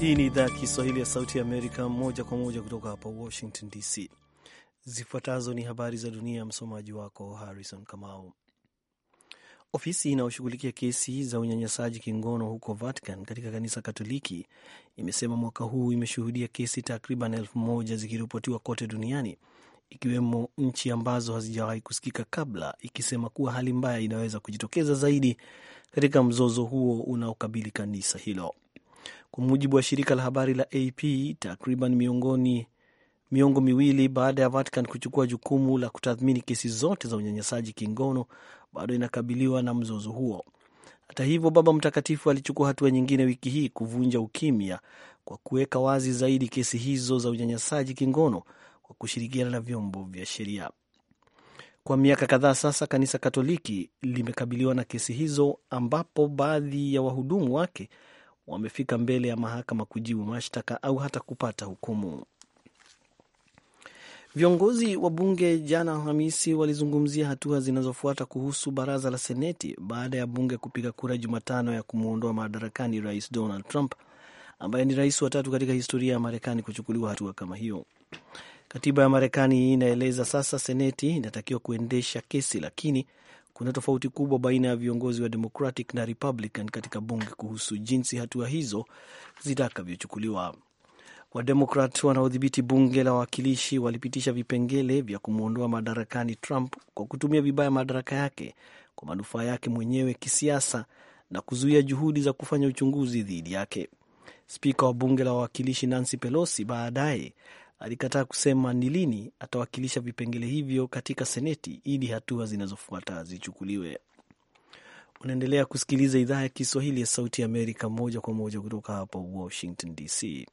Hii ni idhaa ya Kiswahili ya Sauti ya Amerika, moja kwa moja kutoka hapa Washington DC. Zifuatazo ni habari za dunia, msomaji wako Harrison Kamau. Ofisi inayoshughulikia kesi za unyanyasaji kingono huko Vatican katika kanisa Katoliki imesema mwaka huu imeshuhudia kesi takriban elfu moja zikiripotiwa kote duniani, ikiwemo nchi ambazo hazijawahi kusikika kabla, ikisema kuwa hali mbaya inaweza kujitokeza zaidi katika mzozo huo unaokabili kanisa hilo. Kwa mujibu wa shirika la habari la AP, takriban miongoni miongo miwili baada ya Vatican kuchukua jukumu la kutathmini kesi zote za unyanyasaji kingono bado inakabiliwa na mzozo huo. Hata hivyo, Baba Mtakatifu alichukua hatua nyingine wiki hii kuvunja ukimya kwa kuweka wazi zaidi kesi hizo za unyanyasaji kingono kwa kushirikiana na vyombo vya sheria. Kwa miaka kadhaa sasa, kanisa Katoliki limekabiliwa na kesi hizo, ambapo baadhi ya wahudumu wake wamefika mbele ya mahakama kujibu mashtaka au hata kupata hukumu. Viongozi wa bunge jana Alhamisi walizungumzia hatua zinazofuata kuhusu baraza la Seneti baada ya bunge kupiga kura Jumatano ya kumwondoa madarakani Rais Donald Trump ambaye ni rais wa tatu katika historia ya Marekani kuchukuliwa hatua kama hiyo. Katiba ya Marekani inaeleza sasa Seneti inatakiwa kuendesha kesi, lakini kuna tofauti kubwa baina ya viongozi wa Democratic na Republican katika bunge kuhusu jinsi hatua hizo zitakavyochukuliwa. Wademokrat wanaodhibiti bunge la wawakilishi walipitisha vipengele vya kumwondoa madarakani Trump kwa kutumia vibaya madaraka yake kwa manufaa yake mwenyewe kisiasa na kuzuia juhudi za kufanya uchunguzi dhidi yake. Spika wa bunge la wawakilishi Nancy Pelosi baadaye alikataa kusema ni lini atawakilisha vipengele hivyo katika Seneti ili hatua zinazofuata zichukuliwe. Unaendelea kusikiliza idhaa ya Kiswahili ya Sauti ya Amerika moja kwa moja kutoka hapa Washington DC.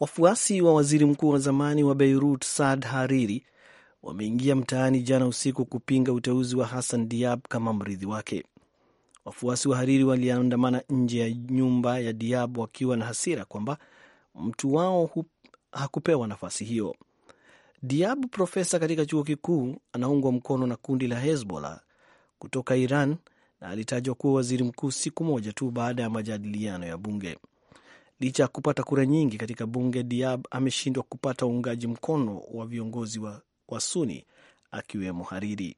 Wafuasi wa waziri mkuu wa zamani wa Beirut Saad Hariri wameingia mtaani jana usiku kupinga uteuzi wa Hassan Diab kama mrithi wake. Wafuasi wa Hariri waliandamana nje ya nyumba ya Diab wakiwa na hasira kwamba mtu wao hakupewa nafasi hiyo. Diab, profesa katika chuo kikuu, anaungwa mkono na kundi la Hezbollah kutoka Iran na alitajwa kuwa waziri mkuu siku moja tu baada ya majadiliano ya bunge. Licha ya kupata kura nyingi katika bunge, Diab ameshindwa kupata uungaji mkono wa viongozi wa, wa Suni akiwemo Hariri.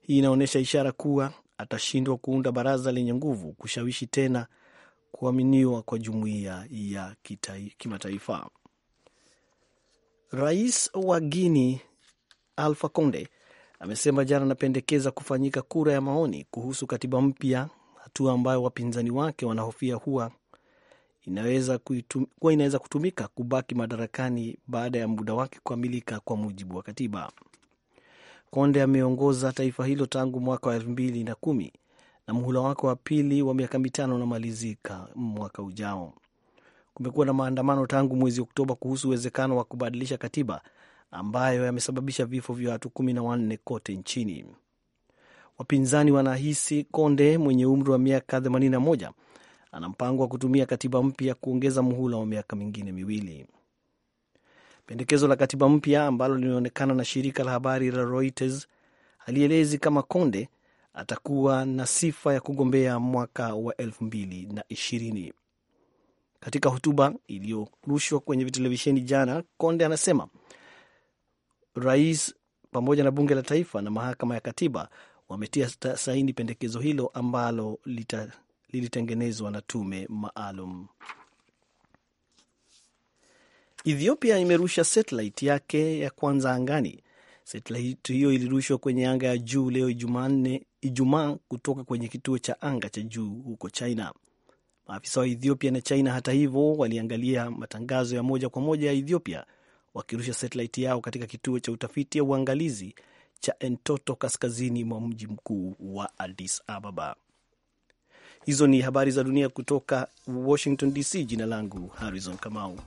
Hii inaonyesha ishara kuwa atashindwa kuunda baraza lenye nguvu kushawishi tena kuaminiwa kwa jumuiya ya kimataifa. Rais wa Guini Alfa Conde amesema jana anapendekeza kufanyika kura ya maoni kuhusu katiba mpya, hatua ambayo wapinzani wake wanahofia huwa inaweza kuitum, kuwa inaweza kutumika kubaki madarakani baada ya muda wake kukamilika kwa mujibu wa katiba. Konde ameongoza taifa hilo tangu mwaka wa elfu mbili na kumi na muhula wake wa pili wa miaka mitano unamalizika mwaka ujao. Kumekuwa na maandamano tangu mwezi Oktoba kuhusu uwezekano wa kubadilisha katiba ambayo yamesababisha vifo vya watu kumi na wanne kote nchini. Wapinzani wanahisi Konde mwenye umri wa miaka 81 ana mpango wa kutumia katiba mpya kuongeza muhula wa miaka mingine miwili. Pendekezo la katiba mpya ambalo linaonekana na shirika la habari la Reuters halielezi kama Konde atakuwa na sifa ya kugombea mwaka wa elfu mbili na ishirini. Katika hotuba iliyorushwa kwenye televisheni jana, Konde anasema rais pamoja na bunge la taifa na mahakama ya katiba wametia saini pendekezo hilo ambalo lita, lilitengenezwa na tume maalum. Ethiopia imerusha satellite yake ya kwanza angani. Satellite hiyo ilirushwa kwenye anga ya juu leo Jumanne Ijumaa kutoka kwenye kituo cha anga cha juu huko China. Maafisa wa Ethiopia na China, hata hivyo, waliangalia matangazo ya moja kwa moja ya Ethiopia wakirusha satelaiti yao katika kituo cha utafiti ya uangalizi cha Entoto kaskazini mwa mji mkuu wa Addis Ababa. Hizo ni habari za dunia kutoka Washington DC. Jina langu Harrison Kamau.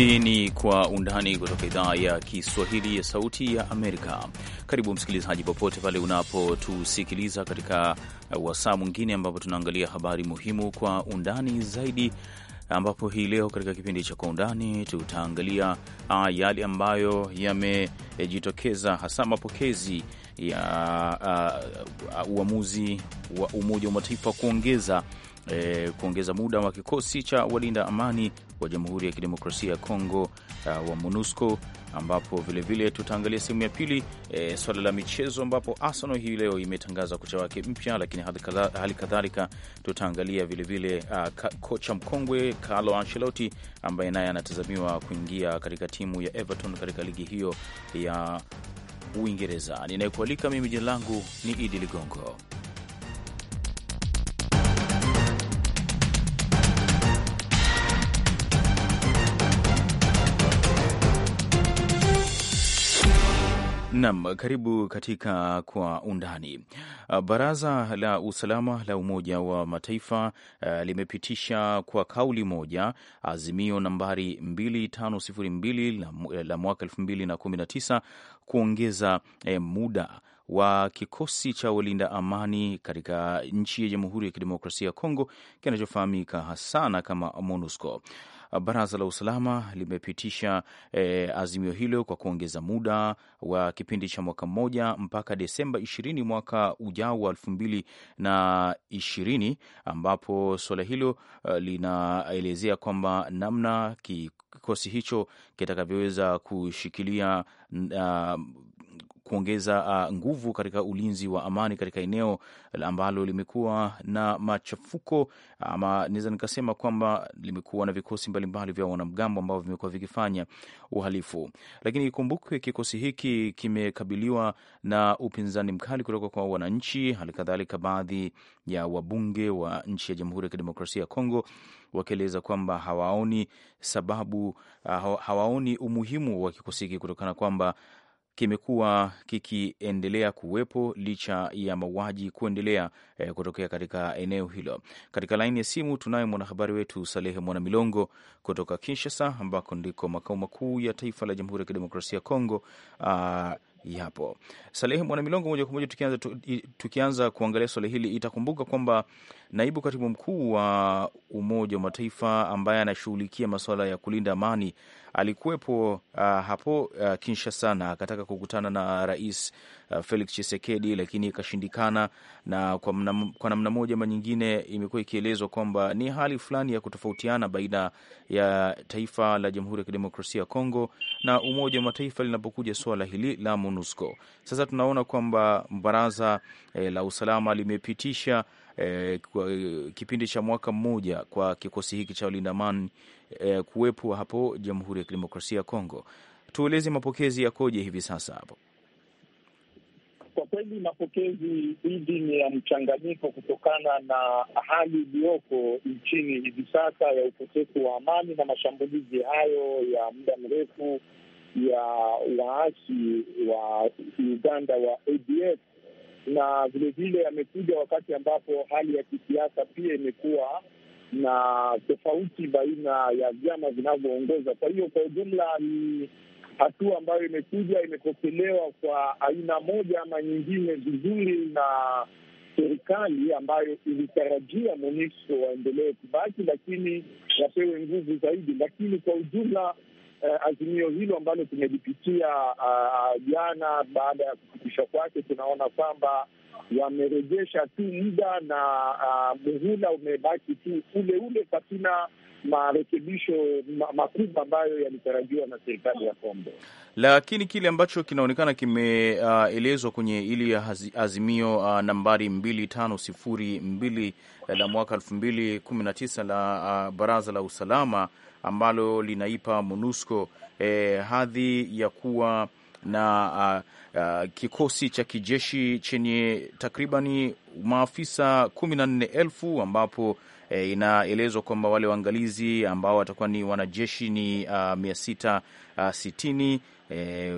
Hii ni Kwa Undani kutoka idhaa ya Kiswahili ya Sauti ya Amerika. Karibu msikilizaji, popote pale unapotusikiliza katika uh, wasaa mwingine, ambapo tunaangalia habari muhimu kwa undani zaidi, ambapo hii leo katika kipindi cha Kwa Undani tutaangalia uh, yale ambayo yamejitokeza, hasa mapokezi ya uh, uamuzi wa Umoja wa Mataifa kuongeza e, kuongeza muda wa kikosi cha walinda amani wa Jamhuri ya Kidemokrasia ya Kongo uh, wa MONUSCO, ambapo vilevile tutaangalia sehemu ya pili e, swala la michezo, ambapo Arsenal hii leo imetangaza kocha wake mpya, lakini hali kadhalika tutaangalia vilevile uh, kocha mkongwe Carlo Ancelotti ambaye naye anatazamiwa kuingia katika timu ya Everton katika ligi hiyo ya Uingereza. Ninayekualika mimi jina langu ni Idi Ligongo. Nam, karibu katika Kwa Undani. Baraza la Usalama la Umoja wa Mataifa eh, limepitisha kwa kauli moja azimio nambari 2502 la, eh, la mwaka 2019 kuongeza eh, muda wa kikosi cha walinda amani katika nchi ya Jamhuri ya Kidemokrasia ya Kongo kinachofahamika sana kama MONUSCO baraza la usalama limepitisha e, azimio hilo kwa kuongeza muda wa kipindi cha mwaka mmoja mpaka Desemba ishirini mwaka ujao wa elfu mbili na ishirini ambapo suala hilo eh, linaelezea kwamba namna kikosi hicho kitakavyoweza kushikilia uh, kuongeza uh, nguvu katika ulinzi wa amani katika eneo ambalo limekuwa na machafuko ama naweza nikasema kwamba limekuwa na vikosi mbalimbali vya wanamgambo ambavyo vimekuwa vikifanya uhalifu. Lakini ikumbukwe kikosi hiki kimekabiliwa na upinzani mkali kutoka kwa wananchi, halikadhalika baadhi ya wabunge wa nchi ya Jamhuri ya Kidemokrasia ya Kongo wakieleza kwamba hawaoni sababu, uh, hawaoni umuhimu wa kikosi hiki kutokana kwamba kimekuwa kikiendelea kuwepo licha ya mauaji kuendelea e, kutokea katika eneo hilo. Katika laini ya simu tunaye mwanahabari wetu Salehe Mwanamilongo kutoka Kinshasa, ambako ndiko makao makuu ya taifa la Jamhuri ya Kidemokrasia ya Kongo. Ah, yapo. Salehe milongo moja kwa moja tukianza, tukianza kuangalia swala hili, itakumbuka kwamba naibu katibu mkuu wa Umoja wa Mataifa ambaye anashughulikia masuala ya kulinda amani alikuwepo uh, hapo uh, Kinshasa na akataka kukutana na Rais uh, Felix Chisekedi, lakini ikashindikana, na kwa, kwa namna moja ama nyingine imekuwa ikielezwa kwamba ni hali fulani ya kutofautiana baina ya taifa la Jamhuri ya Kidemokrasia ya Kongo na Umoja wa Mataifa linapokuja suala hili la MONUSCO. Sasa tunaona kwamba baraza e, la usalama limepitisha e, kipindi cha mwaka mmoja kwa kikosi hiki cha walinda amani e, kuwepo hapo Jamhuri ya Kidemokrasia ya Kongo. Tueleze mapokezi yakoje hivi sasa hapo? Kwa kweli mapokezi hivi ni ya mchanganyiko kutokana na hali iliyoko nchini hivi sasa ya ukosefu wa amani na mashambulizi hayo ya muda mrefu ya waasi wa Uganda wa ADF na vilevile yamekuja wakati ambapo hali ya kisiasa pia imekuwa na tofauti baina ya vyama vinavyoongoza. Kwa hiyo kwa ujumla ni hatua ambayo imekuja imepokelewa kwa aina moja ama nyingine vizuri na serikali ambayo ilitarajia MONUSCO waendelee kubaki, lakini wapewe nguvu zaidi. Lakini kwa ujumla eh, azimio hilo ambalo tumelipitia ah, jana, uh, baada ya kupitisha kwake, tunaona kwamba wamerejesha tu muda na uh, muhula umebaki tu ule ule, marekebisho makubwa ambayo yalitarajiwa na serikali ya Kongo. Lakini kile ambacho kinaonekana kimeelezwa uh, kwenye ili azimio uh, nambari mbili tano sifuri mbili la mwaka elfu mbili kumi na tisa la uh, Baraza la Usalama ambalo linaipa MONUSCO eh, hadhi ya kuwa na uh, uh, kikosi cha kijeshi chenye takribani maafisa kumi na nne elfu ambapo E, inaelezwa kwamba wale waangalizi ambao watakuwa ni wanajeshi ni uh, mia sita uh, sitini E,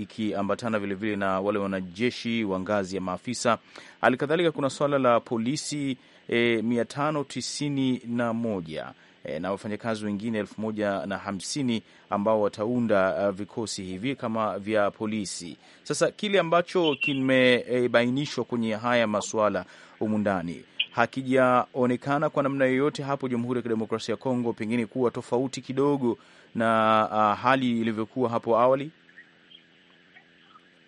ikiambatana vilevile na wale wanajeshi wa ngazi ya maafisa. Hali kadhalika kuna suala la polisi e, mia tano tisini na moja e, na wafanyakazi wengine elfu moja na hamsini ambao wataunda uh, vikosi hivi kama vya polisi. Sasa kile ambacho kimebainishwa e, kwenye haya masuala humu ndani hakijaonekana kwa namna yoyote hapo Jamhuri ya Kidemokrasia ya Kongo pengine kuwa tofauti kidogo na uh, hali ilivyokuwa hapo awali.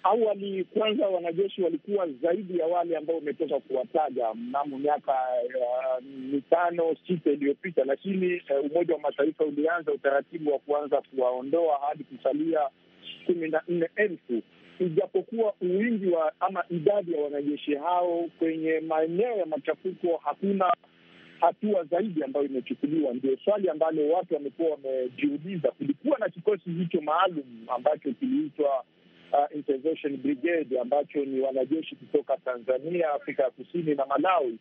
Awali kwanza, wanajeshi walikuwa zaidi ya wale ambao umetoka kuwataja mnamo miaka uh, mitano sita iliyopita, lakini uh, Umoja wa Mataifa ulianza utaratibu wa kuanza kuwaondoa hadi kusalia kumi na nne elfu ijapokuwa uwingi wa ama idadi ya wanajeshi hao kwenye maeneo ya machafuko, hakuna hatua zaidi ambayo imechukuliwa. Ndio swali ambalo watu wamekuwa wamejiuliza. Kulikuwa na kikosi hicho maalum ambacho kiliitwa uh, Intervention Brigade ambacho ni wanajeshi kutoka Tanzania, Afrika ya Kusini na Malawi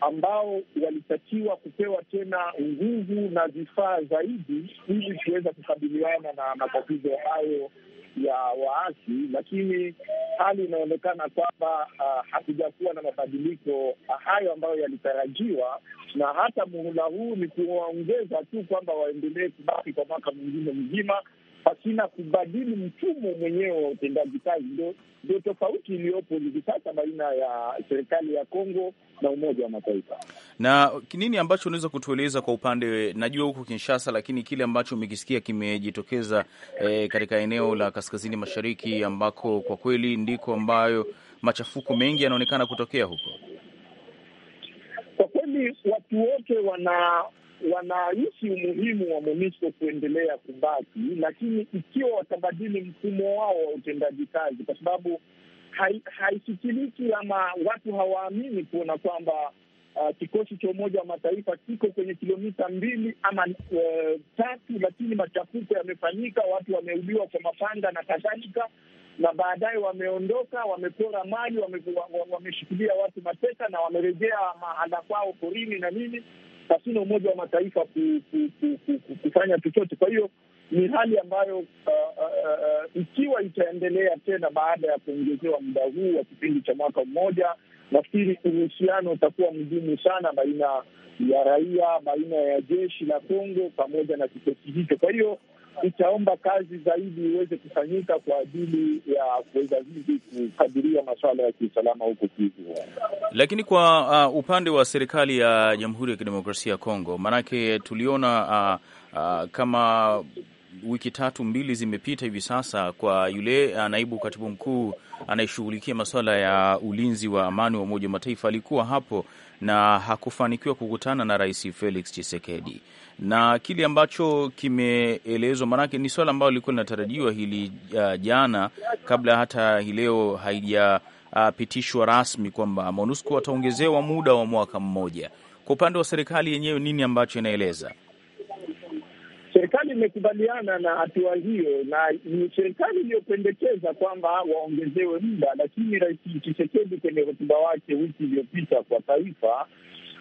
ambao walitakiwa kupewa tena nguvu na vifaa zaidi ili kuweza kukabiliana na matatizo hayo ya waasi, lakini hali inaonekana kwamba uh, hakujakuwa na mabadiliko ah, hayo ambayo yalitarajiwa, na hata muhula huu ni kuwaongeza tu kwamba waendelee kubaki kwa mwaka mwingine mzima pasina kubadili mfumo mwenyewe wa utendaji kazi. Ndio tofauti iliyopo hivi sasa baina ya serikali ya Kongo na Umoja wa Mataifa. Na nini ambacho unaweza kutueleza kwa upande, najua huko Kinshasa, lakini kile ambacho umekisikia kimejitokeza eh, katika eneo la kaskazini mashariki ambako kwa kweli ndiko ambayo machafuko mengi yanaonekana kutokea huko. Kwa kweli watu wote wana wanahisi umuhimu wa MONUSCO kuendelea kubaki, lakini ikiwa watabadili mfumo wao wa utendaji kazi, kwa sababu haisikiliki hai ama watu hawaamini kuona kwamba uh, kikosi cha Umoja wa Mataifa kiko kwenye kilomita mbili ama uh, tatu, lakini machafuko yamefanyika, watu wameuliwa kwa mapanga na kadhalika na baadaye wameondoka, wamepora mali, wameshikilia wame, wame watu mateka na wamerejea mahala kwao porini na nini pasina Umoja wa Mataifa ku, ku, ku, ku, ku, kufanya chochote. Kwa hiyo ni hali ambayo uh, uh, uh, ikiwa itaendelea tena baada ya kuongezewa muda huu wa kipindi cha mwaka mmoja, nafikiri uhusiano utakuwa mgumu sana baina ya raia, baina ya jeshi la Kongo pamoja na kikosi hicho. Kwa hiyo itaomba kazi zaidi iweze kufanyika kwa ajili ya kuweza vivi kukadiria masuala ya kiusalama huko Kivu. Lakini kwa uh, upande wa serikali ya Jamhuri ya Kidemokrasia ya Kongo, maanake tuliona uh, uh, kama wiki tatu mbili zimepita hivi sasa, kwa yule uh, naibu katibu mkuu anayeshughulikia masuala ya ulinzi wa amani wa Umoja wa Mataifa alikuwa hapo na hakufanikiwa kukutana na Rais Felix Tshisekedi na kile ambacho kimeelezwa, maanake ni swala ambalo lilikuwa linatarajiwa hili uh, jana kabla hata hii leo haijapitishwa uh, rasmi kwamba MONUSCO wataongezewa muda wa mwaka mmoja. Kwa upande wa serikali yenyewe, nini ambacho inaeleza? Serikali imekubaliana na hatua hiyo, na ni serikali iliyopendekeza kwamba waongezewe muda, lakini Rais Tshisekedi kwenye hotuba wake wiki iliyopita kwa taifa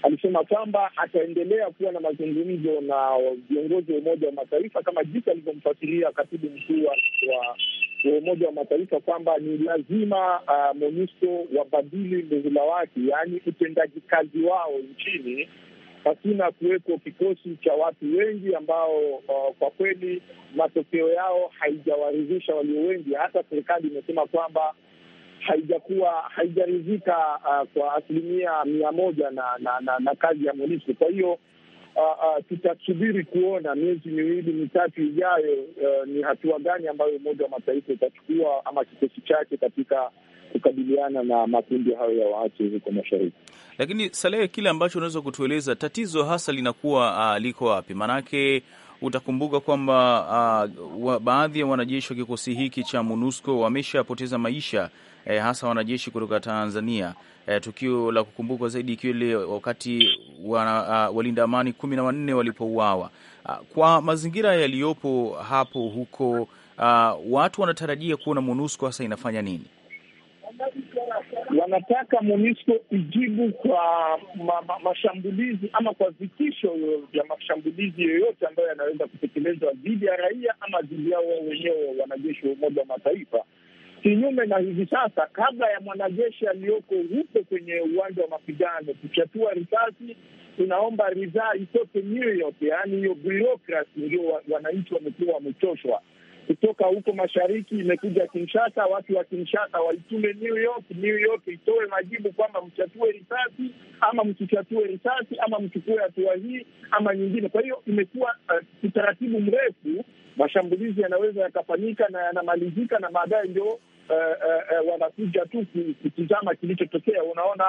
alisema kwamba ataendelea kuwa na mazungumzo na viongozi wa Umoja wa Mataifa kama jinsi alivyomfasiria katibu mkuu wa Umoja wa Mataifa kwamba ni lazima uh, MONUSCO wabadili mhula wake, yaani utendaji kazi wao nchini pasina kuwekwa kikosi cha watu wengi ambao uh, kwa kweli matokeo yao haijawaridhisha walio wengi. Hata serikali imesema kwamba haijakuwa haijaridhika uh, kwa asilimia mia moja na, na, na, na kazi ya MONUSCO. Kwa hiyo uh, uh, tutasubiri kuona miezi miwili mitatu ijayo, uh, ni hatua gani ambayo Umoja wa Mataifa itachukua ama kikosi chake katika kukabiliana na makundi hayo ya waasi huko mashariki. Lakini Salehe, kile ambacho unaweza kutueleza, tatizo hasa linakuwa uh, liko wapi? Maanake utakumbuka kwamba uh, baadhi ya wanajeshi wa kikosi hiki cha MONUSCO wameshapoteza maisha eh, hasa wanajeshi kutoka Tanzania eh, tukio la kukumbukwa zaidi ikiwa wakati wana, uh, walinda amani kumi na wanne walipouawa. Uh, kwa mazingira yaliyopo hapo huko, uh, watu wanatarajia kuona MONUSCO hasa inafanya nini? Wanataka MONUSCO ijibu kwa ma, ma, mashambulizi ama kwa vitisho vya mashambulizi yoyote ambayo yanaweza kutekelezwa dhidi ya raia ama dhidi yao wao wenyewe wanajeshi wa Umoja wa Mataifa kinyume na hivi sasa, kabla ya mwanajeshi aliyoko huko kwenye uwanja wa mapigano kuchatua risasi, tunaomba ridhaa itoke New York. Yaani hiyo bureaucracy ndio wananchi wamekuwa wamechoshwa kutoka huko mashariki, imekuja Kinshasa. Watu wa Kinshasa waitume New York, New York itoe majibu kwamba mchatue risasi ama msichatue risasi ama mchukue hatua hii ama nyingine. Kwa hiyo imekuwa uh, utaratibu uh, mrefu. Mashambulizi yanaweza yakafanyika na yanamalizika na baadaye ndio Eh, eh, eh, wanakuja tu kutizama kilichotokea. Unaona,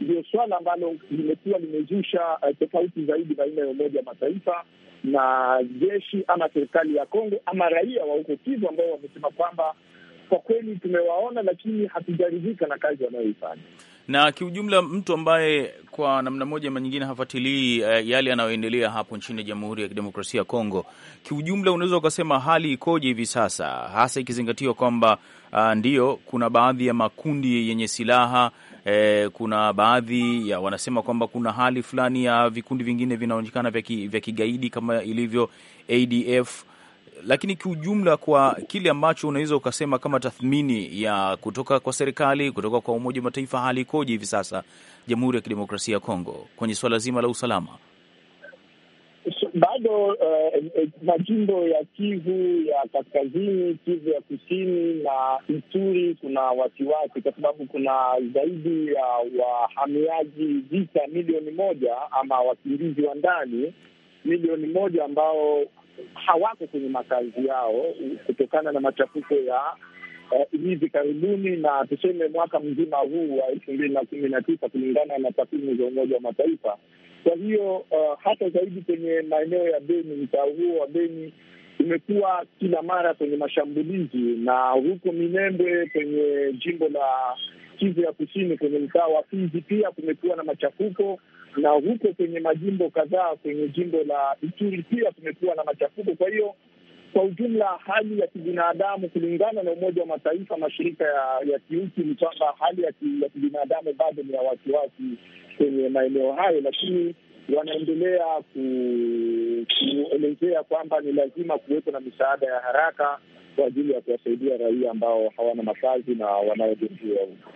ndio swala ambalo limekuwa limezusha tofauti zaidi baina ya Umoja Mataifa na jeshi ama serikali ya Kongo ama raia wa huko Kivu ambao wamesema kwamba kwa kweli tumewaona, lakini hatujaridhika na kazi wanayoifanya na kiujumla, mtu ambaye kwa namna moja ama nyingine hafuatilii uh, yale yanayoendelea hapo nchini Jamhuri ya Kidemokrasia ya Kongo, kiujumla, unaweza ukasema hali ikoje hivi sasa, hasa ikizingatiwa kwamba uh, ah, ndiyo kuna baadhi ya makundi yenye silaha eh, kuna baadhi ya wanasema kwamba kuna hali fulani ya vikundi vingine vinaonekana vya kigaidi kama ilivyo ADF lakini kiujumla, kwa kile ambacho unaweza ukasema kama tathmini ya kutoka kwa serikali, kutoka kwa Umoja wa Mataifa, hali ikoje hivi sasa Jamhuri ya Kidemokrasia ya Kongo kwenye suala zima la usalama? Bado uh, majimbo ya Kivu ya kaskazini, Kivu ya kusini na Ituri kuna wasiwasi, kwa sababu kuna zaidi ya wahamiaji vita milioni moja ama wakimbizi wa ndani milioni moja ambao hawako kwenye makazi yao kutokana na machafuko ya uh, karibuni na tuseme mwaka mzima huu wa elfu mbili na kumi na tisa kulingana na takwimu za Umoja wa Mataifa. Kwa hiyo uh, hata zaidi kwenye maeneo ya Beni, mtaa huo wa Beni imekuwa kila mara kwenye mashambulizi, na huko Minembwe kwenye jimbo la Kivu ya Kusini, kwenye mtaa wa Fizi pia kumekuwa na machafuko na huko kwenye majimbo kadhaa, kwenye jimbo la Ituri pia kumekuwa na machafuko. Kwa hiyo kwa ujumla, hali ya kibinadamu kulingana na Umoja wa Mataifa, mashirika ya kiuki ni kwamba hali ya kibinadamu bado ni ya wasiwasi kwenye maeneo hayo, lakini wanaendelea kuelezea kwamba ni lazima kuwepo na misaada ya haraka kwa ajili ya kuwasaidia raia ambao hawana makazi na wanaojeruhiwa huko.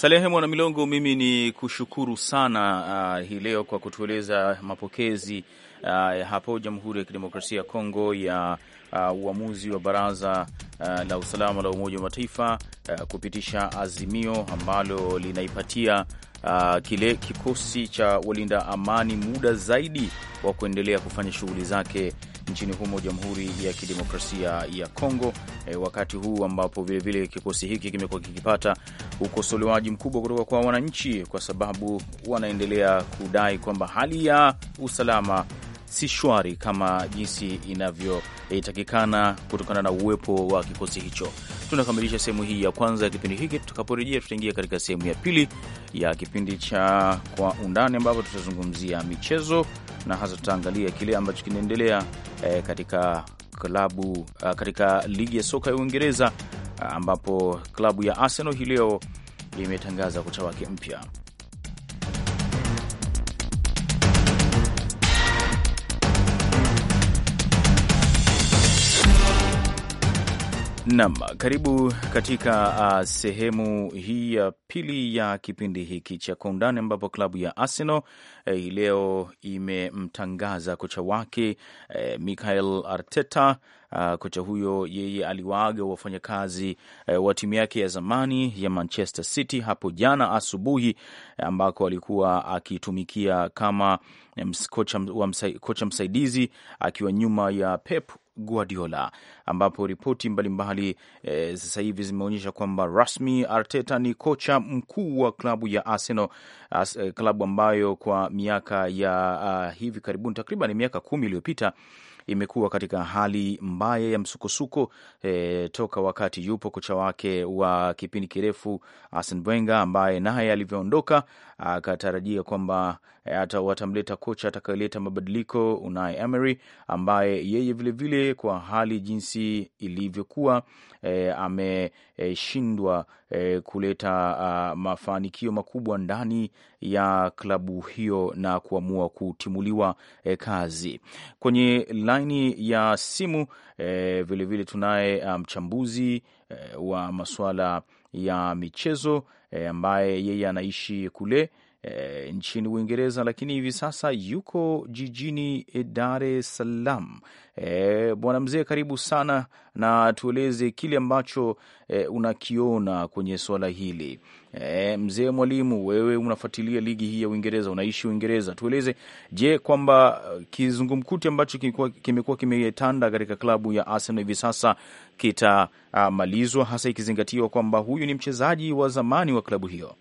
Salehe Mwana Milongo, mimi ni kushukuru sana uh, hii leo kwa kutueleza mapokezi uh, hapo Jamhuri ya Kidemokrasia ya Kongo ya uh, uamuzi wa Baraza uh, la Usalama la Umoja wa Mataifa uh, kupitisha azimio ambalo linaipatia uh, kile kikosi cha walinda amani muda zaidi wa kuendelea kufanya shughuli zake nchini humo Jamhuri ya Kidemokrasia ya Kongo e, wakati huu ambapo vilevile kikosi hiki kimekuwa kikipata ukosolewaji mkubwa kutoka kwa wananchi, kwa sababu wanaendelea kudai kwamba hali ya usalama si shwari kama jinsi inavyotakikana kutokana na uwepo wa kikosi hicho. Tunakamilisha sehemu hii ya kwanza ya kipindi hiki. Tutakaporejea, tutaingia katika sehemu ya pili ya kipindi cha Kwa Undani, ambapo tutazungumzia michezo na hasa tutaangalia kile ambacho kinaendelea eh, katika klabu uh, katika ligi ya soka ya Uingereza ah, ambapo klabu ya Arsenal hii leo imetangaza kocha wake mpya. nam karibu katika uh, sehemu hii ya pili ya kipindi hiki cha Kwa Undani, ambapo klabu ya Arsenal eh, hii eh, leo imemtangaza kocha wake eh, Mikael Arteta. Uh, kocha huyo yeye aliwaaga wafanyakazi eh, wa timu yake ya zamani ya Manchester City hapo jana asubuhi, ambako alikuwa akitumikia kama eh, kocha, kocha msaidizi akiwa nyuma ya Pep Guardiola, ambapo ripoti mbalimbali e, sasa hivi zimeonyesha kwamba rasmi Arteta ni kocha mkuu wa klabu ya Arsenal, eh, klabu ambayo kwa miaka ya uh, hivi karibuni takriban miaka kumi iliyopita imekuwa katika hali mbaya ya msukosuko e, toka wakati yupo kocha wake wa kipindi kirefu Arsene Wenger ambaye naye alivyoondoka akatarajia kwamba hata e, watamleta kocha atakayeleta mabadiliko Unai Emery, ambaye yeye vilevile vile kwa hali jinsi ilivyokuwa e, ameshindwa e, e, kuleta a, mafanikio makubwa ndani ya klabu hiyo na kuamua kutimuliwa e, kazi kwenye laini ya simu vilevile eh, vile tunaye eh, mchambuzi um, wa masuala ya michezo e, ambaye yeye anaishi kule e, nchini Uingereza, lakini hivi sasa yuko jijini Dar es Salaam. E, bwana mzee, karibu sana na tueleze kile ambacho e, unakiona kwenye suala hili. E, mzee Mwalimu, wewe unafuatilia ligi hii ya Uingereza, unaishi Uingereza, tueleze je, kwamba e, kizungumkuti ambacho kimekuwa kimetanda katika klabu ya Arsenal hivi sasa kitamalizwa, hasa ikizingatiwa kwamba huyu ni mchezaji wa zamani wa klabu hiyo?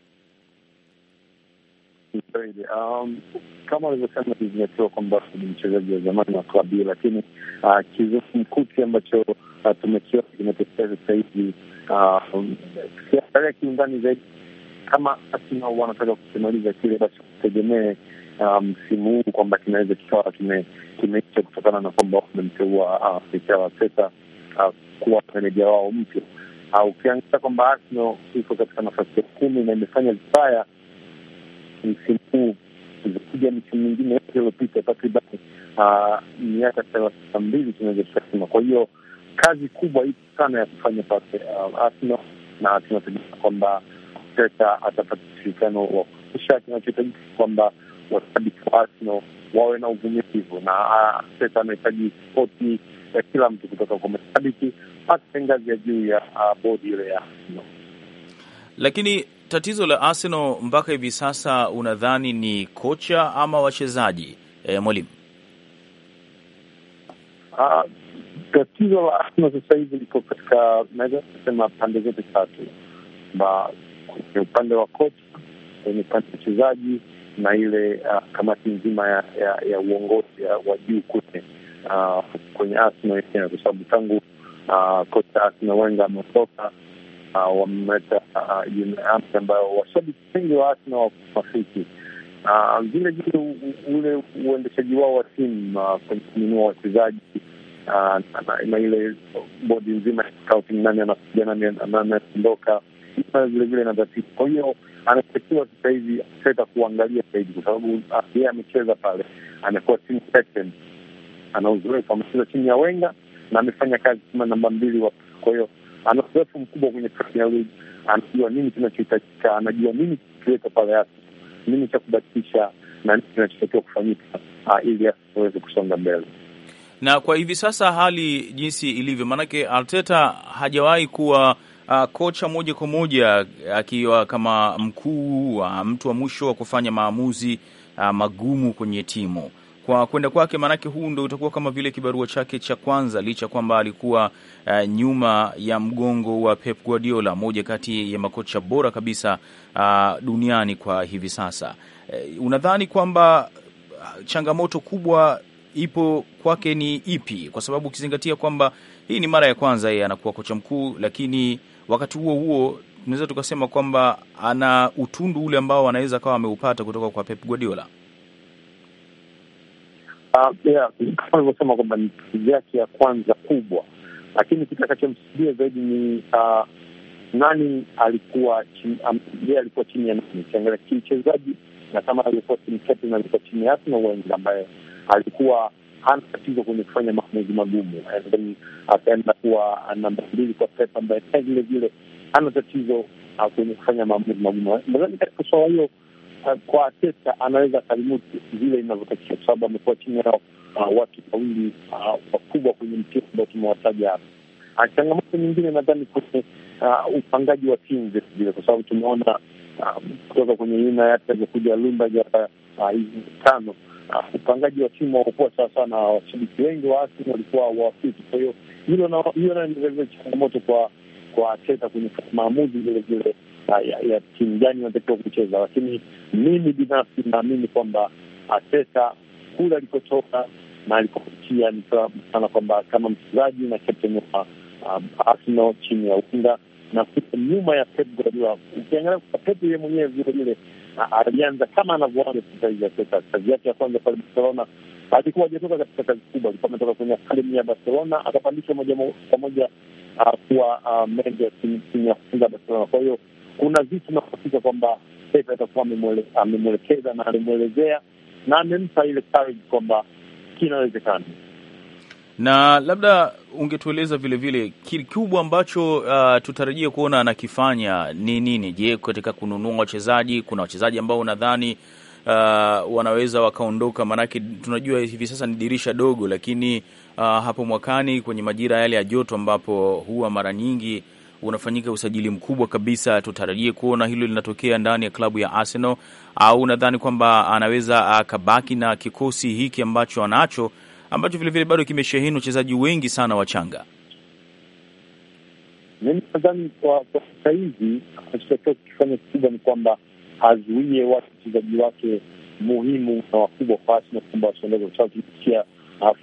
Kweli um, kama walivyosema, kizingatiwa kwamba ni mchezaji wa zamani wa klabu hiyo, lakini uh, kizungumkuti ambacho uh, tumekiona kimetokea sasa hivi, tukiangalia um, kiundani zaidi, kama Arsenal wanataka kukimaliza kile, basi kutegemee um, msimu um, huu kwamba kinaweza kikawa kimeisha, kutokana na kwamba wamemteua uh, Mikel Arteta uh, kuwa meneja wao mpya. Uh, ukiangalia kwamba Arsenal iko katika nafasi ya kumi na imefanya vibaya msimu huu kuja msimu mingine yote iliyopita takriban ah, miaka thelathini na mbili tunaweza tukasema. Kwa hiyo kazi kubwa hii sana ya kufanya pake ah, Arsenal, na tunategemea kwamba Arteta atapata ushirikiano wa kutosha. Kinachohitajika kwamba washabiki wa Arsenal wawe na uvumilivu, na ah, Arteta anahitaji spoti ya kila mtu kutoka kwa mashabiki hata ngazi ya juu ya bodi ile ya Arsenal, lakini tatizo la Arsenal mpaka hivi sasa unadhani ni kocha ama wachezaji, e, mwalimu? Uh, tatizo la Arsenal sasa hivi liko katika, naweza kusema pande zote tatu, kwenye upande wa kocha, kwenye upande wa wachezaji na ile uh, kamati nzima ya, ya, ya uongozi wa juu kwenye uh, ah, kwenye Arsenal yenyewe, kwa sababu tangu uh, kocha Arsenal Wenger ameondoka uh, wameleta ambayo washabiki wengi wa Arsenal wakuafiki uh, vile vile ule uendeshaji wao wa timu uh, kwenye kununua wachezaji uh, na ile bodi nzima ya scouting, nani anakuja, nani anaondoka, vile vile na tatizo. Kwa hiyo anatakiwa sasa hivi Arteta kuangalia zaidi, kwa sababu yeye amecheza pale, amekuwa team captain, ana uzoefu, amecheza chini ya Wenger na amefanya kazi kama namba mbili. Kwa hiyo Mm-hmm. ana uzoefu mkubwa kwenye Premier League, anajua nini kinachohitajika, anajua nini kiweka pale Arsenal, nini cha kubadilisha na nini kinachotakiwa kufanyika ah, ili aweze kusonga mbele na kwa hivi sasa hali jinsi ilivyo, maanake Arteta hajawahi kuwa uh, kocha moja kwa moja akiwa kama mkuu uh, mtu wa mwisho wa kufanya maamuzi uh, magumu kwenye timu kwa kwenda kwake, maanake huu ndo utakuwa kama vile kibarua chake cha kwanza, licha kwamba alikuwa uh, nyuma ya mgongo wa Pep Guardiola, moja kati ya makocha bora kabisa uh, duniani kwa hivi sasa. Uh, unadhani kwamba ah, changamoto kubwa ipo kwake ni ipi? Kwa sababu ukizingatia kwamba hii ni mara ya kwanza yeye anakuwa kocha mkuu, lakini wakati huo huo tunaweza tukasema kwamba ana utundu ule ambao anaweza akawa ameupata kutoka kwa Pep Guardiola kama ilivyosema kwamba ni kazi yake ya kwanza kubwa, lakini kitakachomsaidia zaidi ni uh, nani alikuwa um, ye alikuwa chini ya nani, kiangalia kiuchezaji na kama alikuwa timu captain alikuwa chini ya Arsene Wenger ambaye alikuwa hana tatizo kwenye kufanya maamuzi magumu, akaenda kuwa namba mbili kwa Pep ambaye vile vile hana tatizo uh, kwenye kufanya maamuzi magumu. Nadhani katika swala hiyo kwa ateta anaweza akalimuti vile inavyotakisha, kwa sababu amekuwa chini yao uh, watu wawili uh, wakubwa uh, kwenye mchezo ambao tumewataja hapa. Uh, changamoto nyingine nadhani kwenye uh, upangaji wa timu vilevile, kwa sababu tumeona um, kutoka um, kwenye United alivyokuja Lumba jaa hizi uh, tano uh, upangaji wa timu haukuwa sawa sawa, na washabiki wengi wa Arsenal walikuwa wawafiki. Kwa hiyo nayo ni vilevile changamoto kwa kwa kwenye maamuzi vilevile ya, ya timu gani wanatakiwa kucheza, lakini mimi binafsi naamini kwamba Ateta kule alikotoka na alikopitia ni sana kwamba kama mchezaji na captain wa uh, Arsenal chini ya ukinga na kuja nyuma ya Pep Guardiola. Ukiangalia kwa Pep yeye mwenyewe vile vile alianza kama anavyoanza sasa hivi Arteta. Kazi yake ya kwanza pale Barcelona alikuwa hajatoka katika kazi kubwa, alikuwa ametoka kwenye akademi ya Barcelona akapandishwa moja kwa moja kuwa Mendes timu ya kufunga Barcelona, kwa hiyo kuna vitu nahakika kwamba Pep atakuwa amemwelekeza na amemwelezea na amempa ile courage kwamba kinawezekana. Na labda ungetueleza vilevile kikubwa ambacho uh, tutarajia kuona anakifanya ni nini? Je, katika kununua wachezaji, kuna wachezaji ambao unadhani Uh, wanaweza wakaondoka, maanake tunajua hivi sasa ni dirisha dogo, lakini uh, hapo mwakani kwenye majira yale ya joto ambapo huwa mara nyingi unafanyika usajili mkubwa kabisa. Tutarajie kuona hilo linatokea ndani ya klabu ya Arsenal, au nadhani kwamba anaweza akabaki na kikosi hiki ambacho anacho ambacho vilevile bado kimesheheni wachezaji wengi sana wachanga. Mimi nadhani kwa sasa hivi anachotakiwa kukifanya kikubwa ni kwamba azuie watu wachezaji wake muhimu na wakubwa kwa Arsenal kwamba wasiondoke, kwa sababu tunasikia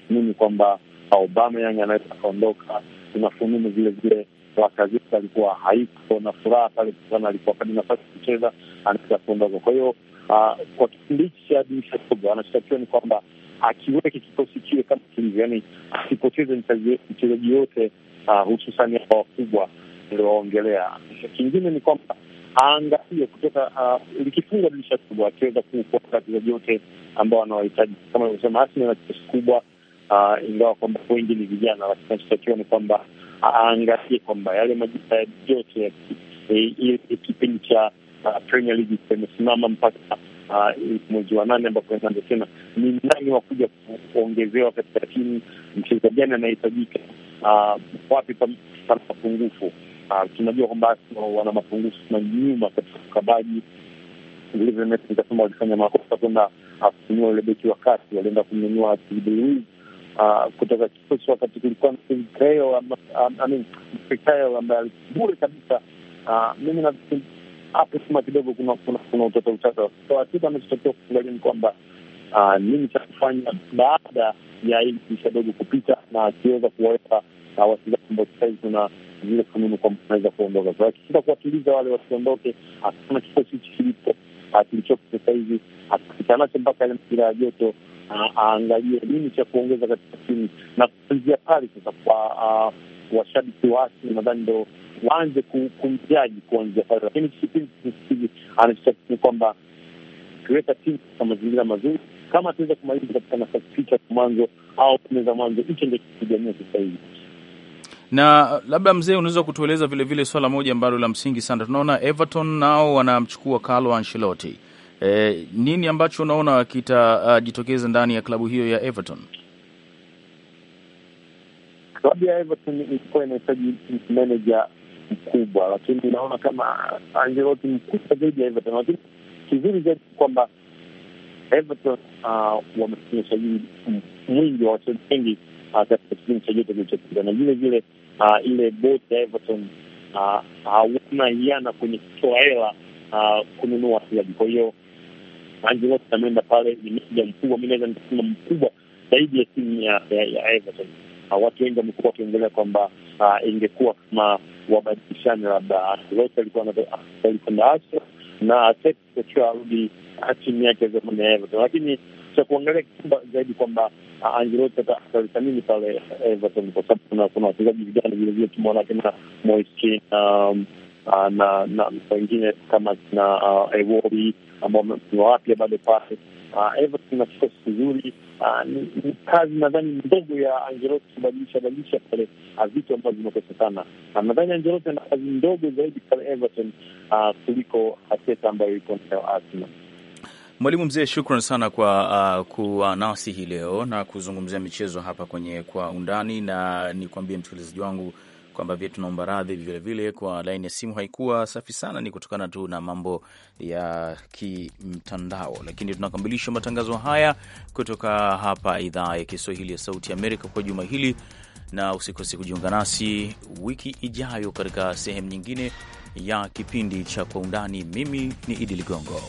fununu kwamba Aubameyang anaweza akaondoka, kuna fununu vilevile Wakazika alikuwa haiko na furaha pale, kutokana alikuwa nafasi kucheza anaweza kuondoka. Kwa hiyo ah, kwa kipindi hiki cha dirisha dogo, anachotakiwa ni kwamba akiweke kikosi kile kama kilivyo, yani asipoteze mchezaji yote, ah, hususani hapa wakubwa niliowaongelea. Kingine ni kwamba aangalie kutoka uh, ah, likifunga dirisha kubwa, akiweza kuwapata wachezaji wote ambao wanawahitaji. Kama ilivyosema, Arsenal ina kikosi kubwa, ingawa kwamba wengi ni vijana, lakini anachotakiwa ni kwamba aangalie kwamba yale majina yote ile kipindi cha Premier League kimesimama mpaka mwezi wa nane ambapo inaanza tena, ni nani wakuja kuongezewa katika timu, mchezo gani anahitajika, wapi pana mapungufu. Tunajua kwamba wana mapungufu na nyuma katika ukabaji vilevile, nikasema walifanya makosa kwenda kununua ule beki wa kati, walienda kununua uh, kutoka kikosi wakati kulikuwa ambaye bure kabisa. Ah, mimi nafikiri hapo nyuma kidogo kuna utata utata. So hakika anachotakiwa kuangalia ni kwamba ah, nini cha kufanya baada ya hili dirisha dogo kupita, na akiweza kuwaweka wachezaji ambao sahizi kuna zile fununu kwamba unaweza kuondoka. Kwa akishinda kuwatuliza wale wasiondoke, hakuna kikosi hichi kilipo kilichopo sasahivi akikutanacho mpaka ile mpira ya joto aangalie nini cha kuongeza katika timu, na kuanzia pale sasa kwa uh, washabiki wake nadhani ndo waanze kumjaji kuanzia pale, lakini kipindi anachotaka kwamba kuweka timu katika mazingira mazuri, kama tunaweza kumaliza katika nafasi sita za mwanzo au kumi za mwanzo, hicho ndio kipigania sasa hivi. Na labda mzee, unaweza kutueleza vilevile swala moja ambalo la msingi sana. Tunaona Everton nao wanamchukua Carlo Ancelotti E, nini ambacho unaona kitajitokeza uh, ndani ya klabu hiyo ya Everton? Klabu ya Everton ilikuwa inahitaji meneja mkubwa, lakini naona kama Angelotti mkubwa zaidi ya Everton, lakini kizuri zaidi kwamba Everton uh, wametumia usajili mwingi wa wachezaji wengi uh, katika kipindi cha joto kilichopita, na vile vile uh, ile bodi ya Everton hawana hiana kwenye kutoa hela kununua wachezaji, kwa hiyo wote ameenda pale, ni meneja mkubwa, mi naweza nikasema mkubwa zaidi ya timu ya, ya, ya Everton. Ah, watu wengi wamekuwa wakiongelea kwamba uh, ingekuwa kama wabadilishane, labda Angelotti alikuwa alikwenda Arsenal na Arteta akiwa arudi ah, timu yake ya zamani ya Everton, lakini cha kuangalia kikubwa zaidi kwamba Angelotti nini pale Everton kwa sababu kuna wachezaji vijana vilevile tumeona kina Moise Kean um, Ah, na na wengine kama kina uh, ah, Ewori ambao ni wapya bado pale. Uh, Everton na kikosi kizuri uh, ni, ni kazi nadhani ndogo ya Angelotti kubadilisha badilisha pale vitu ambavyo vimekosekana. Nadhani Angelotti ana kazi ndogo zaidi pale Everton uh, kuliko Arteta ambayo iko nayo Arsenal. Mwalimu mzee, shukran sana kwa uh, kuwa nasi hii leo na kuzungumzia michezo hapa kwenye kwa undani, na ni kuambie msikilizaji wangu kwamba pia tunaomba radhi vilevile kwa laini ya simu haikuwa safi sana, ni kutokana tu na mambo ya kimtandao. Lakini tunakamilisha matangazo haya kutoka hapa idhaa ya Kiswahili ya Sauti ya Amerika kwa juma hili, na usikose kujiunga nasi wiki ijayo katika sehemu nyingine ya kipindi cha Kwa Undani. Mimi ni Idi Ligongo.